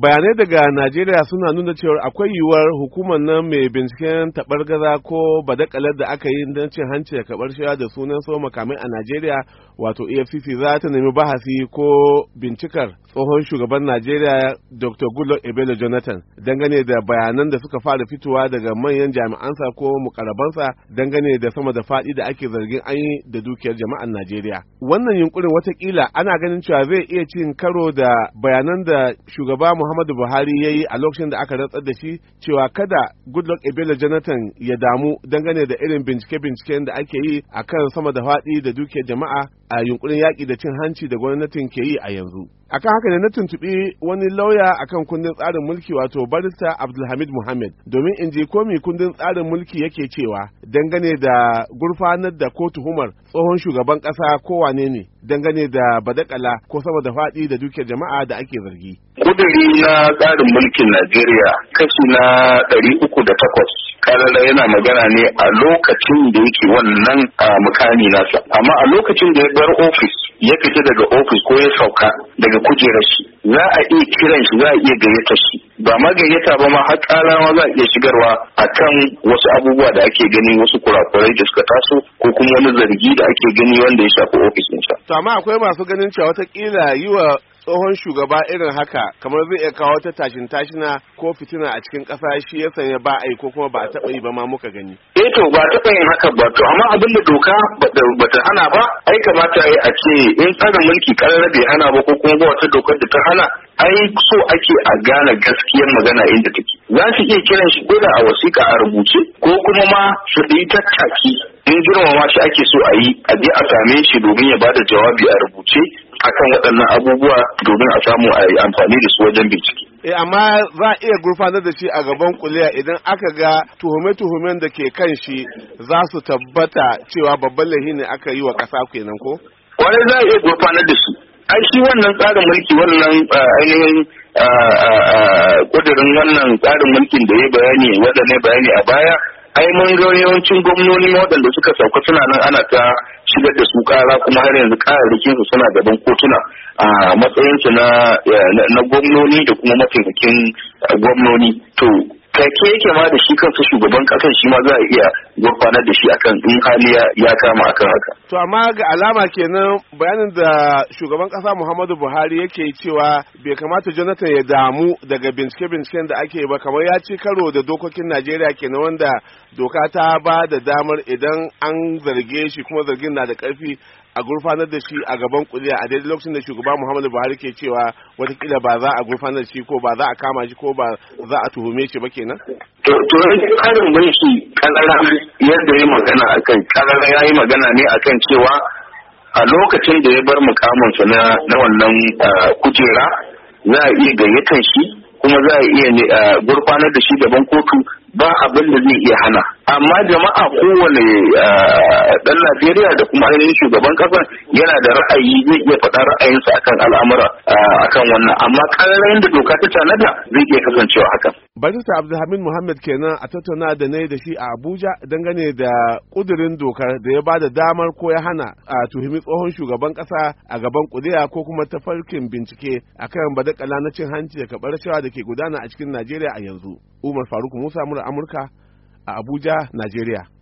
bayanai daga najeriya suna nuna cewa akwai yiwuwar hukumar nan mai binciken tabar gaza ko badakalar da aka yi don cin hanci da kabar shiya da sunan so makamai a najeriya wato efcc za ta nemi bahasi ko bincikar tsohon shugaban najeriya dr goodluck Ebele jonathan dangane da bayanan da suka fara fitowa daga manyan jami'ansa ko mukarabansa dangane da sama da faɗi da ake zargin an yi da dukiyar jama'ar najeriya wannan yunkurin watakila ana ganin cewa zai iya cin karo da bayanan da shugaba muhammadu buhari ya yi a lokacin da aka rantsar da shi cewa kada goodluck ebele jonathan ya damu dangane da irin bincike-binciken da ake yi a kan sama da faɗi da dukiyar jama'a a yunkurin yaƙi da cin hanci da gwamnatin ke yi a yanzu. Akan haka ne na tuntuɓi wani lauya akan kundin tsarin mulki wato barista Abdulhamid Muhammad domin in je komi kundin tsarin mulki yake cewa dangane da gurfanar da ko tuhumar tsohon shugaban ƙasa ko wane ne dangane da badakala ko sama da faɗi da dukiyar jama'a da ake zargi. Kuduri na tsarin mulkin Najeriya kashi na ɗari uku da takwas kalala yana magana ne a lokacin da yake wannan a mukami nasa amma a lokacin da ya bar ofis ya fita daga ofis ko ya sauka daga kujerar shi za a iya kiran shi za a iya gayyata shi ba ma gayyata ba ma har karawa za a iya shigarwa a kan wasu abubuwa da ake gani wasu kurakurai da suka taso ko kuma wani zargi da ake gani wanda ya shafi ofis ɗinsa. to amma akwai masu ganin cewa wata kila yiwa. tsohon shugaba irin haka kamar zai iya kawo ta tashin tashina ko fitina a cikin kasa shi ya sanya ba a yi ko kuma ba a taɓa yi ba ma muka gani. eh to ba ta yin haka ba to amma abin da doka ba ta hana ba ai kamata a a ce in tsarin mulki karara bai hana ba ko kuma ba wata dokar da ta hana ai so ake a gane gaskiyar magana inda take za su iya kiran shi ko a wasiƙa a rubuce ko kuma ma su yi tattaki in girmama shi ake so a yi a je a same shi domin ya bada jawabi a rubuce akan waɗannan abubuwa domin a samu a yi amfani da su wajen bincike. E amma za a iya gurfanar da shi a gaban kuliya idan aka ga tuhume-tuhumen da ke kan shi za su tabbata cewa babban lahi ne aka yi wa ƙasa kenan ko? Kwarai za a iya gurfanar da su. Ai shi wannan tsarin mulki wannan ah, ainihin kudurin ah, ah, wannan tsarin mulkin da ya bayani waɗannan bayani a baya ai mun ga yawancin gwamnoni waɗanda suka sauka suna nan ana ta shigar da su kara kuma har yanzu kararrakin su suna gaban kotuna a matsayin su na gwamnoni da kuma mataimakin gwamnoni to kake yake ma da shi kansa shugaban kasan shi ma za a iya gurfanar da shi akan in hali ya kama akan haka To amma ga alama kenan bayanin da shugaban kasa Muhammadu Buhari yake cewa bai kamata Jonathan ya damu daga bincike-binciken da ake ba kamar ya ci karo da dokokin Najeriya kenan wanda doka ta ba da damar idan an zarge shi kuma zargin na da karfi a gurfanar da shi a gaban kuliya a daidai lokacin da shugaba Muhammadu Buhari ke cewa watakila ba za a gurfanar da shi ko ba za a kama shi ko ba za a tuhume shi ba kenan? To, to, karin mulki kalara yadda ya magana akan kalara ya yi magana ne akan kasancewa a lokacin da ya bar mukaminsa na wannan kujera za a iya gayyatan shi kuma za a iya gurfanar da shi gaban kotu ba abin da zai iya hana amma jama'a kowane dan najeriya da kuma ainihin shugaban kasar yana da ra'ayi zai iya faɗa ra'ayinsa akan al'amura akan wannan amma ƙararrayin da doka ta tanada zai iya kasancewa hakan barista abdulhamid muhammad kenan a tattauna da na da shi a abuja dangane da kudirin dokar da ya bada damar ko ya hana a tuhumi tsohon shugaban kasa a gaban kudiya ko kuma tafarkin bincike a kan badakala na cin hanci da kabar da ke gudana a cikin najeriya a yanzu umar faruk musa mura amurka a abuja najeriya